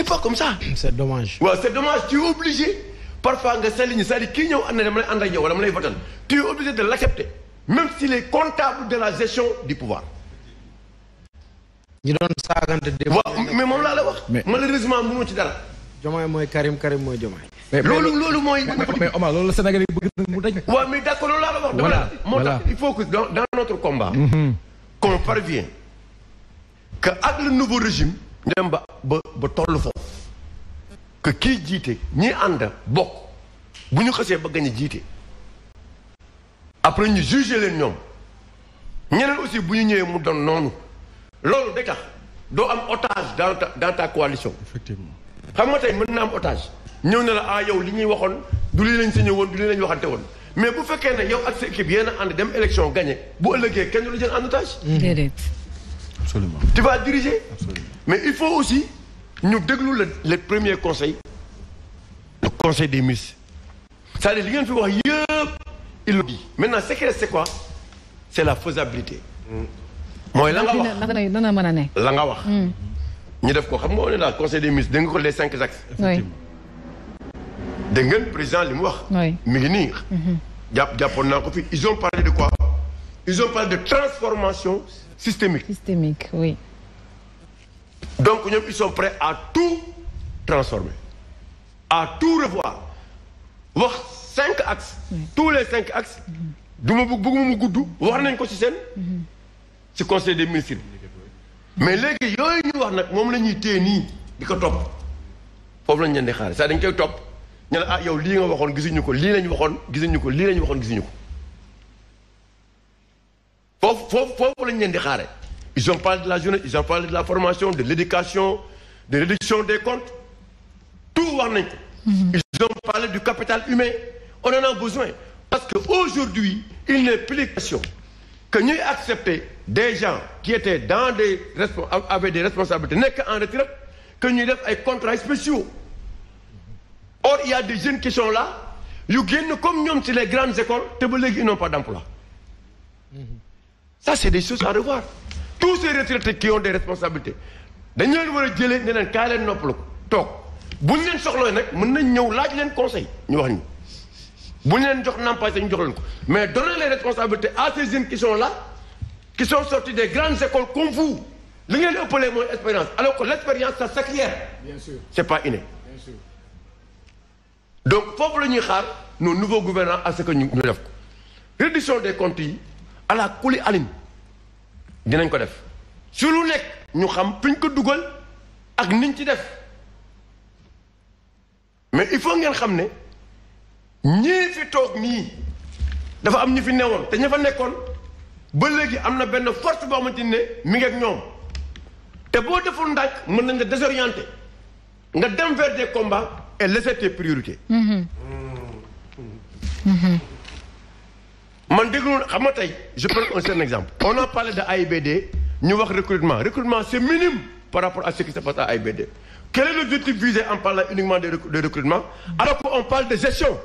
c'est pas comme ça. c'est dommage. waaw c'est dommage tu es obligé parfois nga saliñu cest à kii ñëw ànd na dama lay ànd ak yow wala lay votal tu es de l'accepter même s'il est comptable de la gestion du pouvoir. ñi doon saagante démb. mais moom laa la wax. malheureusement mënoo ci dara. Diomaye mooy Karim Karim mooy Diomaye. mais loolu loolu mooy. mais Omar loolu la Sénégalais yi bëgg mu daj. waaw mais d'accord loolu laa la wax. voilà moo tax il ñu dem ba ba ba toll foofu que kii jiite ñi ànd bokk bu ñu xasee ba gañ a jiite après ñu jugé leen ñoom ñeneen aussi bu ñu ñëwee mu doon noonu loolu day tax doo am otage dans ta dans ta coalition. effectivement xam nga tey mën na am otage. ñëw ne la ah yow li ñuy waxoon du lii lañ sañoon ñëwoon du lii lañ waxante woon mais bu fekkee ne yow ak sa équipe yéen ànd dem élection gagné bu ëllëgee kenn du la jël en otage. déedéet. mais il faut aussi ñu déglu le le premier conseil le conseil des ministres c'est-à-dire li ngeen fi wax yëpp il le dit maintenant secret c'est quoi c'est la faisabilité mm. mooy la nga wax dana mën a la nga wax mm. ñu de ko xam nga on est là conseil des ministres dégg nga ko les cinq axes effectivement dégg ngeen président li mu wax mi ngi nii mm-hmm. jàpp jàppoon naa ko fi ils ont parlé de quoi ils ont parlé de transformation systémique systémique donc ñoom ils sont à tout transformer à tout revoir wax cinq axes tout les cinq axes mm-hmm. duma ma bëgg bëgguma mu gudd wax nañ ko ci seen mm-hmm. ci conseil des ministres mais léegi yooyu ñu wax nag moom la ñuy téye nii di ko topp foofu lañ leen di xaar saa dañ koy topp ñu ne ah yow lii nga waxoon gisuñu ko lii lañ waxoon gisuñu ko lii lañ waxoon gisuñu ko foofu foofu foofu lañ leen di xaare ils ont parlé de la jeunesse ils ont la formation de l'éducation de réduction des comptes tout wax nañ ko mhm. ils ont parlé du capital humain on en a besoin parce que aujourd'hui il n'est plus question que ñuy accepter des gens qui étaient dans des avec des responsabilités nekk en retraite que ñuy def ay contrats spéciaux or il y a des jeunes qui sont là yu génn comme ñoom ci les grandes écoles te ba léegi ils n'ont pas d'emploi mhm. ça c'est des choses à revoir tous ces retraités ki ont des responsabilités dañ leen war a jëlee ne leen kaa leen noppalu ko toog ñu leen soxlawee nag mën nañ ñëw laaj leen conseil ñu wax ñu buñ leen jox nampaay sax ñu jox leen ko mais donner les responsabilités à ces jeunes qui sont là qui des grandes écoles comme vous li ngeen di ëppalee mooy expérience alors que l' expérience ça s'acquiert bien pas inné bien sûr donc foofu la ñuy xaar nos nouveaux gouvernants à ce que ñu ñu def ko reddition des comptes yi à la dinañ ko def su lu nekk ñu xam fi ko dugal ak niñ ci def mais il faut ngeen xam ne ñii fi toog nii dafa am ñu fi newoon te ña fa nekkoon ba léegi am na benn force boo xamante ne mi ngi ñoom te boo defoon ndànk mën nañ la désorienté nga dem vers des combats et laisser tes priorités. Mm-hmm. Mm-hmm. Mm-hmm. man déglu xam nga tey je prends un certain exemple on a parlé de AIBD ñu wax recrutement recrutement c'est minime par rapport à ce qui se passe à AIBD quel est l'objectif visé en parlant uniquement de recrutement alors qu'on parle de gestion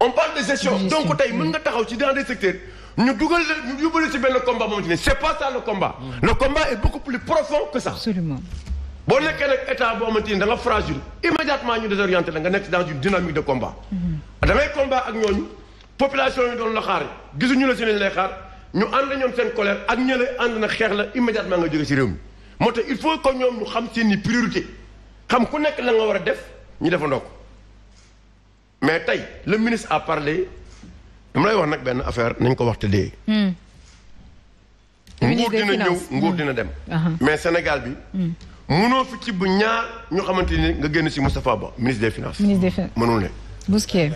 on parle de gestion donc tey mën nga taxaw ci dans des secteurs ñu dugal ñu yóbbu ci combat moom c'est pas ça le combat mm. le combat est beaucoup plus profond que ça boo nekkee nag état boo xamante ni da fragile immédiatement ñu désorienté la nga nekk dans une dynamique de combat. Mm-hmm. da ngay combat ak ñooñu population yi doon la xaar gisuñu la si lay xaar ñu ànd ñoom seen colère ak ñële ànd na xeex la immédiatement nga jóge si réew mi. moo tax il faut que ñoom ñu xam seen i priorité xam ku nekk la nga war a def ñu defandoo ko mais tey le ministre a parlé dama lay wax nag benn affaire nañ ko wax te dee. Mm. nguur dina ñëw mm. uh-huh. mais Sénégal mënoo fi ci bu ñaar ñoo xamante ni nga génn si Moustapha Ba ministre des finances. ministre des finances mënul ne. Bousquier.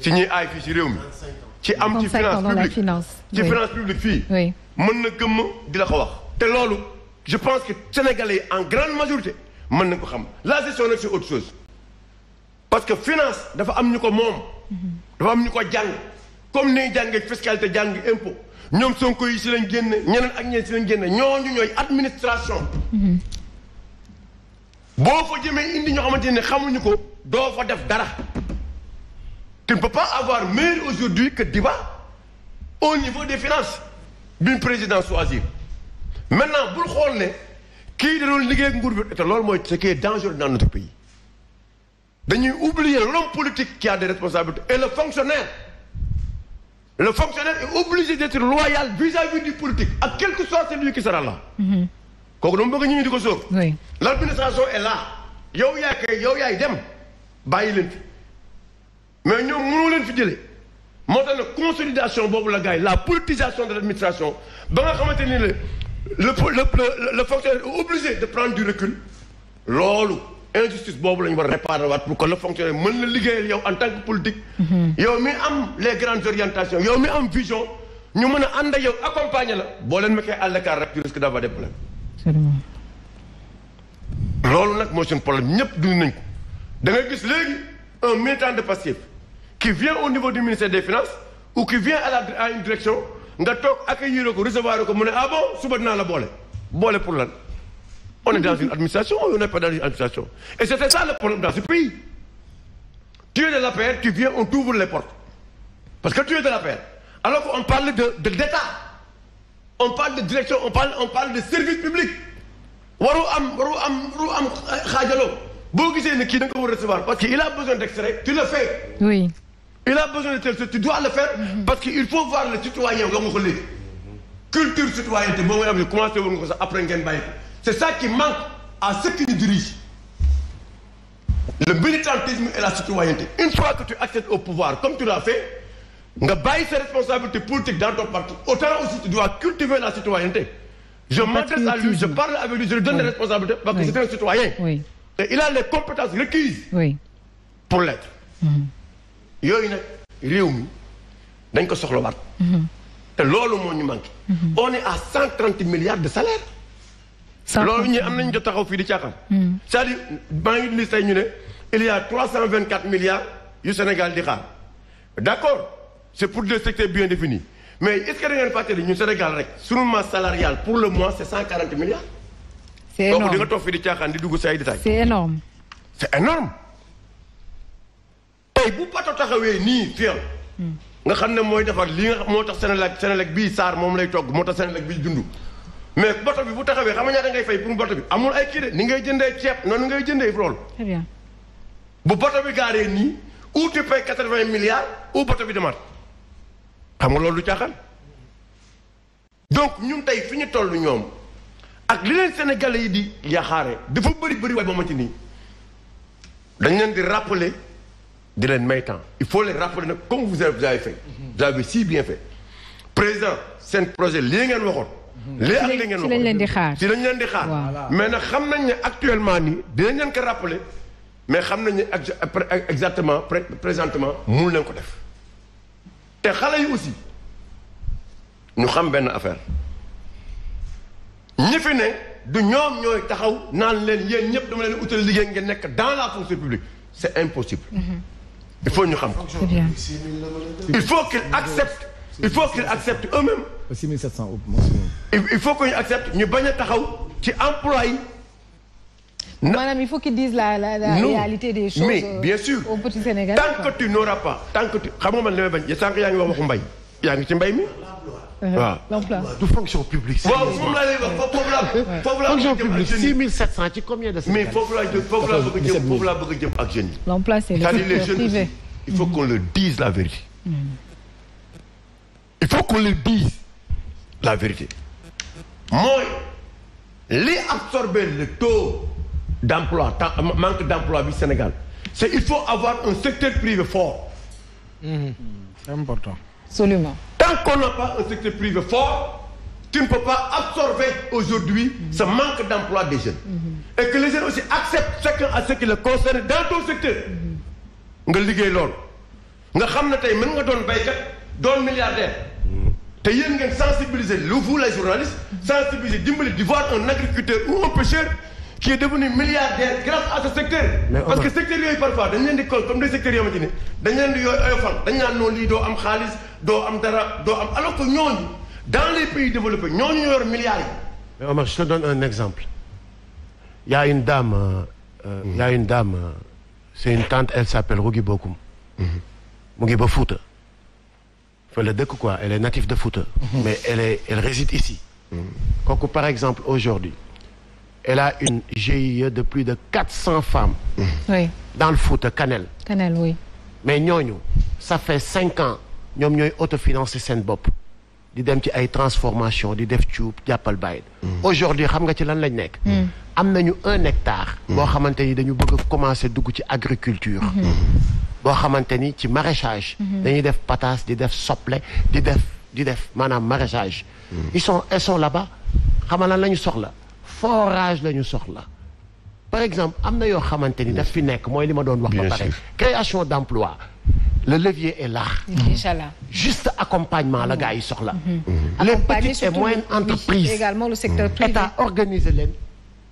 ci ñuy aay fii si réew mi. ci am ci finance publique ci finance fii. mën na gëmm di la ko wax. te loolu je pense que sénégalais en grande majorité mën nañ ko xam la gestion nag c'est autre chose parce que finance dafa am ñu ko moom. Mm-hmm. dafa am ñu ko jàng comme ni ñuy jàngee fiscalité jàng impôt ñoom Sonko yi si lañ génne ñeneen ak ñeneen si lañ génne ñooñu ñooy administration. Mm-hmm. boo fa jëmee indi ñoo xamante ne xamuñu ko doo fa def dara tu ne peux pas avoir meilleur aujourd'hui que ba au niveau des finances bi président choisir maintenant bul xool ne kii da liggéey ak nguur bi te loolu mooy ce qui est dangereux dans notre pays dañuy oublier l'homme politique qui a des responsabilités et le fonctionnaire le fonctionnaire est obligé d'être loyal vis-à-vis du politique à quel soit celui qui sera là mm-hmm. kooku dama bëgg ñu di ko sóor. oui l' administration est là yow yaa kay yow yaay dem bàyyi leen fi mais ñoom mënoo leen fi jëlee moo tax nag consolidation boobu la gars yi la politisation de l' administration ba nga xamante ni le le le la fonctionnaire est obligé de prendre du recul loolu. injustice boobu la ñu war a réparer waat pour que le fonctionnaire mën na liggéeyal yow en tant que politique. Mm-hmm. yow mi am les grandes orientations yow mi am vision ñu mën a ànd ak yow accompagner la boo leen mekkee à l'écart rek du loolu nag mooy seen problème ñëpp dund nañ ko da nga gis léegi un militant de Pastef qui vient au niveau du ministère des finances ou qui vient à la à une direction nga toog accueillir ko recevoir ko mu ne ah bon suba dinaa la boole boole pour lan on est dans une administration on n'est pas dans une administration et c'était ça le problème dans ce pays tu es de l'APR tu viens on t'ouvre les portes parce que tu es de l'APR alors qu'on parle de d'État on parle de direction on parle on parle de service public waru am waru am waru am xaajaloo boo gisee ne kii da ko war recevoir parce que a besoin d'extrait tu le fais. oui. il a besoin de tel tu dois le faire parce que il faut voir le citoyen nga ko léegi culture citoyenneté boo nga am ne commencé woon nga ko sax après ngeen bàyyi ko c'est ça qui manque à ceux qui nous dirigent le militantisme et la citoyenneté une fois que tu accèdes au pouvoir comme tu l'as fait nga bàyyi ses responsabilités politiques dans ton parti autant aussi tu dois cultiver la citoyenneté je m'adresse à lui je parle avec je lui donne parce que c'est un citoyen il a mm-hmm. yooyu nag réew mi dañ ko soxlawaat mm-hmm. loolu moo ñu manqué mm-hmm. on à cent trente milliards de salaire loolu ñu am nañu jot taxaw fii di caaxaan c'est-à-dire maa ngi ñu ne il y cent vingt quatre milliards yu Sénégal di xaar d'accord c'est pour des secteurs bien définis mais est-ce que da ngeen fàttali ñu Sénégal rek sunu masse pour le mois c'est 140 milliards. c'est énorme donc toog fii di caaxaan di dugg si ay détails. c'est énorme. c'est énorme. tey bu pato taxawee nii fii nga xam ne mooy defar li nga moo tax Sénélec Sénélec bii saar moom lay togg moo tax Sénélec bii dund. mais bato bi bu taxawee xam nga ñaata ngay fay pour bato bi amul ay kii de ni ngay jëndee ceeb noonu ngay jëndee loolu. bu bato bi gaaree nii ou tu paies quatre-vingts milliards ou bi demaat. xam nga loolu du caaxaan donc ñun tey fi ñu toll ñoom ak li leen Sénégalais yi di yaxaare dafa bëri bëri waaye moom ci nii dañ leen di rappeler di leen may temps il faut les rappeler nag comme vous avez fait vous avez si bien fait président seen projet lii ngeen waxoon. lii ak lii ngeen waxoon ci lañ leen di xaar ci leen di xaar. mais nag xam nañ ne actuellement nii di leen ko rappeler mais xam nañ ne exactement présentement mënul leen ko def. te xale yi aussi ñu xam benn affaire ñi fi ne du ñoom ñooy taxaw naan leen yéen ñëpp dama leen utal liggéey ngeen nekk dans la fonction publique c'est impossible. Mm-hmm. il faut ñu xam ko. il faut qu'ils acceptent il faut qu'ils acceptent eux il faut que ñu accepte ñu bañ a taxaw ci emploi maanaam il faut qu'ils disent la la la non. réalité des choses. mais bien sûr tant que tu n'auras pas tant que tu xam nga man li may bañ sànq yaa ngi wax waxu mbay. mi. Euh, waaw l'emploi du fonction publique. waaw ci combien de. mais foofu laa jëm bëgg a jëm a la vérité. il faut qu'on leur dise la vérité. Mm. mooy li absorber le taux. d'emploi tant euh, manque d'emploi bi Sénégal c'est il faut avoir un secteur privé fort. Mmh. c'est important. absolument. tant qu'on n'a pas un secteur privé fort tu ne peux pas absorber aujourd'hui mmh. ce manque d'emploi des jeunes. Mmh. et que les jeunes aussi acceptent chacun à ce qui le concerne dans ton secteur. Mm-hmm. nga liggéey loolu. nga xam ne tey mën nga doon béykat doon milliardaire. Mm-hmm. te yéen ngeen sensibiliser lu vous les journalistes mm-hmm. sensibiliser dimbali di voir un agriculteur ou un pêcheur. qui est devenu milliardaire grâce à ce secteur. parce que secteur yooyu parfois dañ leen di col comme des secteurs yoo xamante ni dañ leen di yooyu oyofal dañ naan doo am xaalis doo am dara doo am alors que ñooñu dans les pays développés ñooñu ñoo yor milliards yi. mais Omar je te donne un exemple il y euh, euh, euh, s'appelle Rougui Bokoum. Mm-hmm. mu ngi ba Fouta. fa la dëkk quoi elle est native de Fouta. Mm-hmm. mais elle réside ici. Mm-hmm. kooku par exemple aujourd'hui elle a une GIE de plus de quatre cents femmes. dans le Fouta Kanel. Kanel oui. mais ñooñu ça fait cinq ans ñoom ñooy autofinancer seen bopp di dem ci ay transformation di def cuub jàppal bay mm. aujourd'hui xam nga ci lan lañ nekk. Mm. am nañu un hectare. Mm. boo xamante ni dañu bëgg a commencer dugg ci agriculture. Mm-hmm. boo xamante ni ci maraichage mm-hmm. dañuy def pataas di def soble di def di def maanaam maraîchage. ils sont ils sont là-bas xam nga lan la forage la ñu soxla par exemple am na yoo xamante ni daf fi nekk mooy li ma doon wax ba pare création d'emploi le levier est là inchallah juste accompagnement la gars yi soxla mhm. les petites et moyennes entreprises également le secteur mhm. organiser leen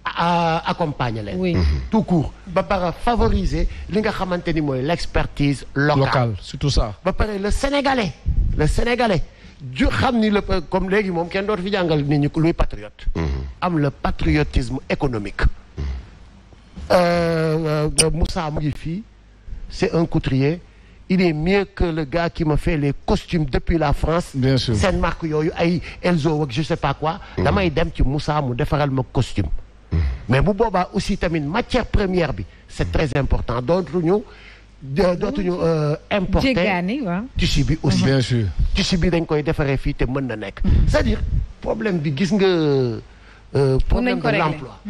accompagner leen mhm. tout court ba pare favoriser li nga xamante ni mooy l'expertise locale surtout ça ba pare le sénégalais le sénégalais ju xam ni la comme léegi moom kenn dootu fi jàngal nit ñi luy patriote. Mm-hmm. am le patriotisme économique. Mm-hmm. Euh, euh, Moussa mu ngi fii c'est un couturier il est mieux que le gars qui m'a fait les costumes depuis la France. bien sûr seen marque yooyu ay Elzo ak je sais pas quoi. Mm-hmm. damay dem ci mussa mu defaral ma costume. mais bu boobaa aussi tamit matière première bi c'est très important donc ñu. dootuñu euh, importer jéggaani waaw tissu bi aussi bien sûr tissu bi dañ koy defaree fii te mën na nekk mm-hmm. c'est-à-dire problème bi gis nga euh, problème de l'emploi